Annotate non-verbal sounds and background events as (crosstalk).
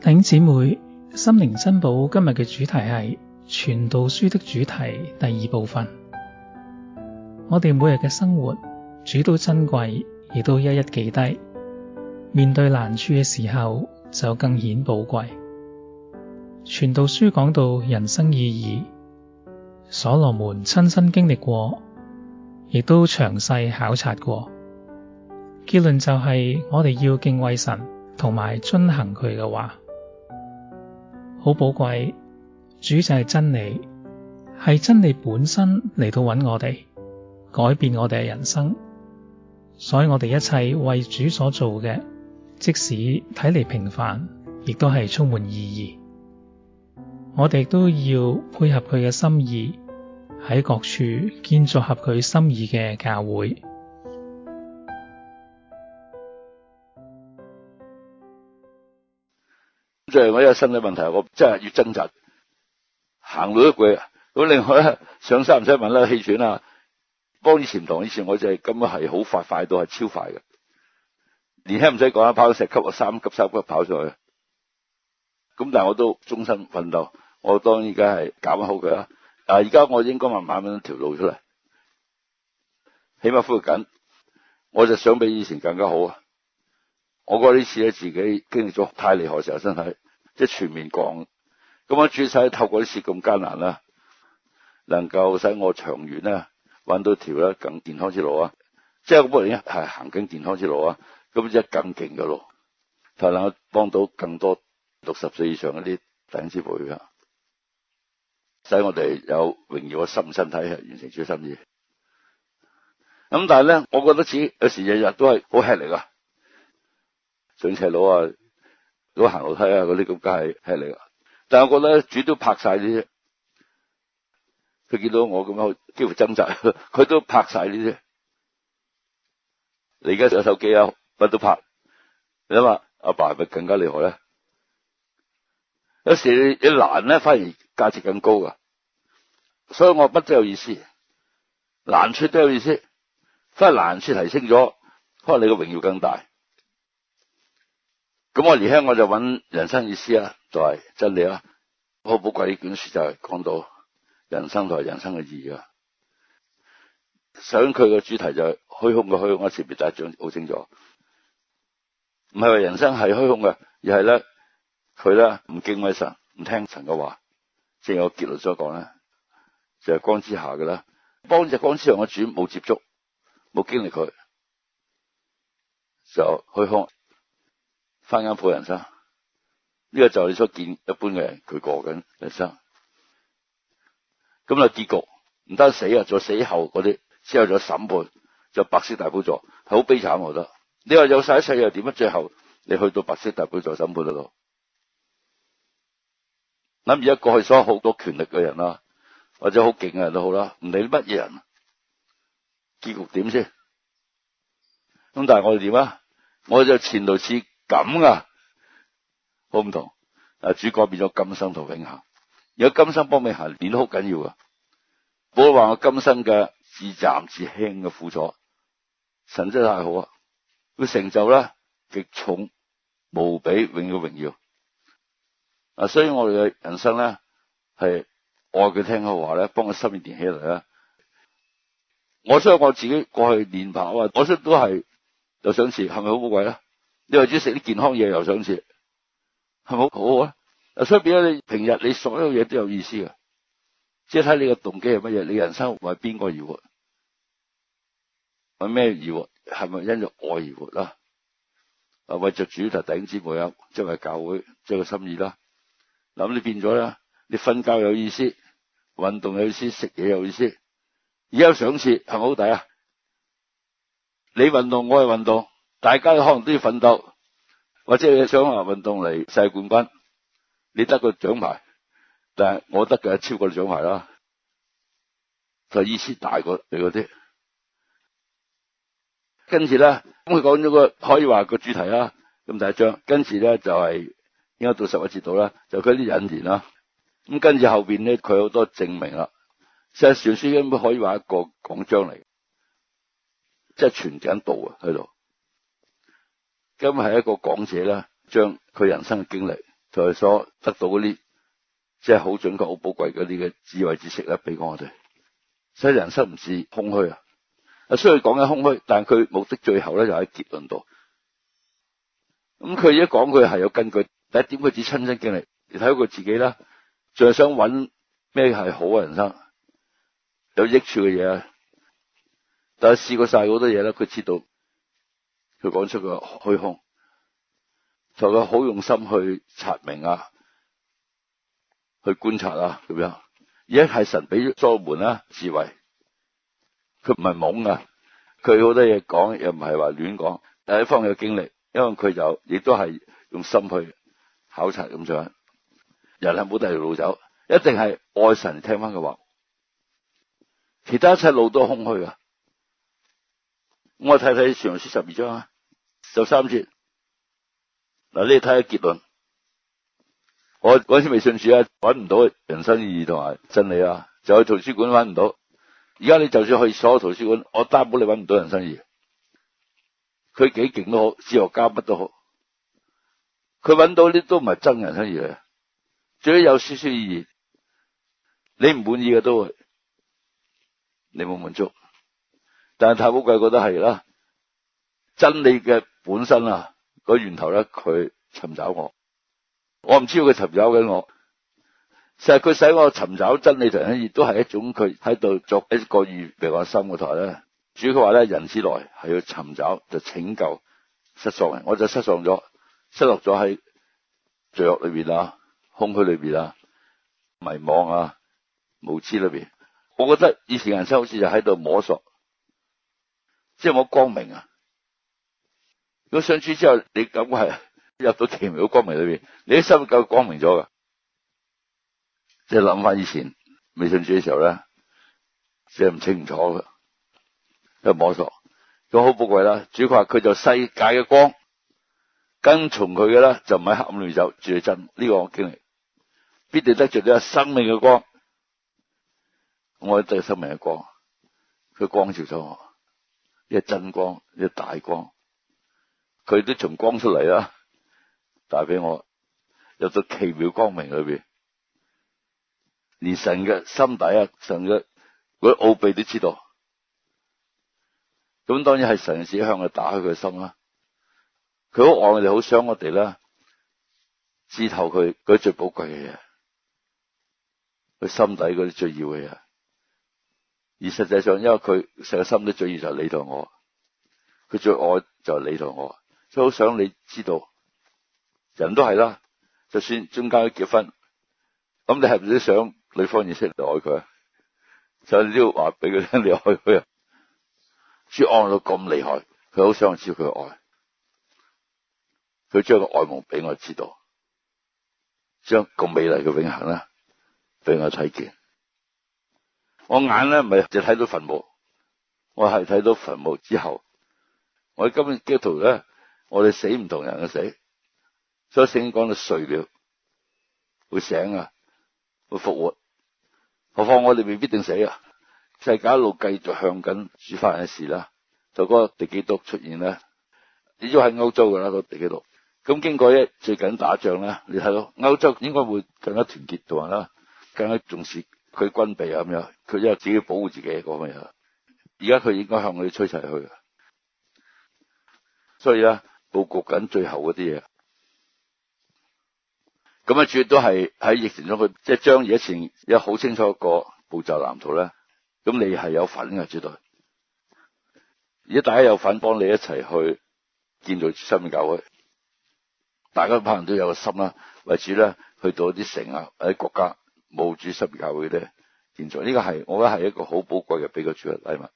弟姊妹，心靈珍寶今日嘅主題係《傳道書》的主題第二部分。我哋每日嘅生活，主都珍貴，亦都一一記低。面對難處嘅時候，就更顯寶貴。傳道書講到人生意義，所羅門親身經歷過，亦都詳細考察過，結論就係我哋要敬畏神，同埋遵行佢嘅話。好寶貴，主就係真理，係真理本身嚟到搵我哋，改變我哋嘅人生。所以我哋一切為主所做嘅，即使睇嚟平凡，亦都係充滿意義。我哋都要配合佢嘅心意，喺各處建造合佢心意嘅教會。最係我一個心理問題，我真係要掙扎，行路都攰。咁另外咧，上山唔使問啦，氣喘啊。幫以前同以前我就係根本係好快，快到係超快嘅。年輕唔使講啦，跑咗十級啊，三級、三級跑上去。咁但係我都終身奮鬥。我當依家係搞好佢啦。啊，而家我應該慢慢揾條路出嚟，起碼恢復緊。我就想比以前更加好啊。我覺得呢次咧自己經歷咗太厲害嘅時候，身體即係全面降。咁樣轉使透過呢次咁艱難啦，能夠使我長遠咧揾到一條咧更健康之路啊！即係嗰本行緊健康之路啊！咁一更勁嘅路，就能夠幫到更多六十歲以上嗰啲頂尖之輩。使我哋有榮耀嘅心，身體係完成最心意。咁但係咧，我覺得自己有時日日都係好吃力啊。上斜佬啊，嗰行樓梯啊，嗰啲咁梗係吃力啊，但係我覺得，主都拍曬啲啫。佢見到我咁樣幾乎掙扎，佢都拍曬啲啫。你而家有手機啊，乜都拍。你諗下，阿爸係咪更加厲害咧？有時你難咧，反而價值更高㗎。所以我不知有意思，難處都有意思。反而難處提升咗，可能你個榮耀更大。咁我年輕我就揾人生意思啦、啊，就係、是、真理啦、啊，好寶貴呢本書就係講到人生同人生嘅意義啊。想佢嘅主題就係虛空嘅虛空，我前面第一章好清楚，唔係話人生係虛空嘅，而係咧佢咧唔敬畏神，唔聽神嘅話，正如我結論所講呢，就係、是、光之下嘅啦，幫住光之上嘅主冇接觸，冇經歷佢，就虛空。翻間鋪人生，呢、這個就係你所見一般嘅人佢過緊人生，咁啊結局唔單死啊！再死後嗰啲之後就審判，就白色大寶座，係好悲慘我覺得。你話有晒一切又點啊？最後你去到白色大寶座審判嗰度，諗而家過去所有好多權力嘅人啦，或者好勁嘅人都好啦，唔理乜嘢人，結局點先？咁但係我哋點啊？我哋就前路似。咁啊，好唔同啊！主角變咗今生同永恒，有今生幫永恒練好緊要啊，冇話我今生嘅至暫至輕嘅苦楚，神真係太好啊！佢成就咧極重無比，永遠榮耀啊！所以我哋嘅人生咧係愛佢聽佢話咧，幫佢心念練起嚟咧。我所以我，我，我自己過去練跑啊，我出都係就想次，係咪好寶貴咧？你或者食啲健康嘢又上廁，係咪好好啊？所以變咗你平日你所有嘢都有意思㗎！即係睇你嘅動機係乜嘢。你人生為邊個而活？為咩而活？係咪因為愛而活啦？啊，為著主就頂之無有，即係教會即係個心意啦。嗱咁你變咗啦，你瞓覺有意思，運動有意思，食嘢有意思，而家上廁係咪好抵啊？你運動，我係運動。大家可能都要奮鬥，或者你想話運動嚟世冠軍，你得個獎牌，但係我得嘅超過獎牌啦，就意思大過你嗰啲。跟住咧，咁佢講咗個可以話個主題啦，咁第一章。跟住咧就係、是、應該到十一節度啦，就佢啲引言啦。咁跟住後邊咧，佢好多證明啦。即係傳道書根本可以話一個講章嚟，即、就、係、是、全景到啊喺度。今日係一個講者啦，將佢人生嘅經歷，同埋所得到嗰啲即係好準確、好寶貴嗰啲嘅智慧知識咧，俾我哋，所以人生唔似空虛啊！雖然講緊空虛，但係佢目的最後咧就喺結論度。咁佢而家講，佢係有根據。第一點，佢自己親身經歷，你睇佢自己啦。仲係想揾咩係好嘅人生，有益處嘅嘢。但係試過晒好多嘢啦，佢知道。佢講出個虛空，就佢好用心去察明啊，去觀察啊，咁樣而家係神俾咗門啊，智慧，佢唔係懵啊，佢好多嘢講，又唔係話亂講，有一方有經歷，因為佢就亦都係用心去考察咁樣，人係冇第二條路走，一定係愛神聽返佢話，其他一切路都空虛啊！我睇睇《傳道書》十二章啊，十三節嗱，你睇下結論。我嗰次未信主啊，搵唔到人生意義同埋真理啊，就去圖書館搵唔到。而家你就算去所有圖書館，我擔保你搵唔到人生意義。佢幾勁都好，哲學家乜都好，佢搵到啲都唔係真人生意義，最多有少少意義。你唔滿意嘅都會，你冇滿足。但係太寶貴覺得係啦，真理嘅本身啊，個源頭咧，佢尋找我，我唔知道佢尋找緊我，其實佢使我尋找真理同樣，都係一種佢喺度作一個預備我心嘅台啦。主要佢話咧，人子來係要尋找就拯救失喪人，我就失喪咗，失落咗喺罪惡裏邊啊，空虛裏邊啊，迷惘啊，無知裏邊。我覺得以前人生好似就喺度摸索。即係我光明啊！如果信主之後，你咁係入到奇妙嘅光明裏邊，你啲心夠光明咗噶。即係諗翻以前未信主嘅時候咧，即係唔清唔楚，一摸索咁好寶貴啦。主話佢就世界嘅光，跟從佢嘅啦，就唔喺黑暗裏面走，住喺真呢、這個我經歷，必定得着個生命嘅光。我嘅生命嘅光，佢光照咗我。一真光，一大光，佢都從光出嚟啦，帶俾我入到奇妙光明裏邊，連神嘅心底啊，神嘅嗰啲奧秘都知道。咁當然係神自己向佢打開佢心啦，佢好愛我哋，好想我哋啦，知透佢嗰最寶貴嘅嘢，佢心底嗰啲最要嘅嘢。而實際上，因為佢成個心都最意就係你同我，佢最愛就係你同我，所以好想你知道，人都係啦，就算中間結婚，咁你係唔係都想女方認識嚟愛佢？就呢度話俾佢聽， (laughs) 你愛佢，專愛到咁厲害，佢好想我知佢愛，佢將個愛慕俾我知道，將咁美麗嘅永恆啦，俾我睇見。我眼咧唔係就睇到墳墓，我係睇到墳墓之後，我哋今日基督徒咧，我哋死唔同人嘅死，所以聖經講到睡了會醒啊，會復活。何況我哋未必定死啊，世界一路繼續向緊主發嘅事啦。就、那、嗰個敵基督出現呢？已都喺歐洲噶啦，那個敵基督。咁經過咧，最近打仗啦。你睇到歐洲應該會更加團結度啦，更加重視。佢軍備啊咁樣，佢因為自己保護自己嗰方面啊。而家佢應該向我哋吹齊去，所以咧佈局緊最後嗰啲嘢。咁啊，主要都係喺疫情中，佢即係將以前有好清楚一個步驟藍圖咧。咁你係有份嘅絕對，而家大家有份幫你一齊去建造新教會。大家可能都有個心啦，為主咧去到啲城啊，或者國家。毛主席教會咧，現在呢個係我覺得係一個好寶貴嘅俾個主日禮物。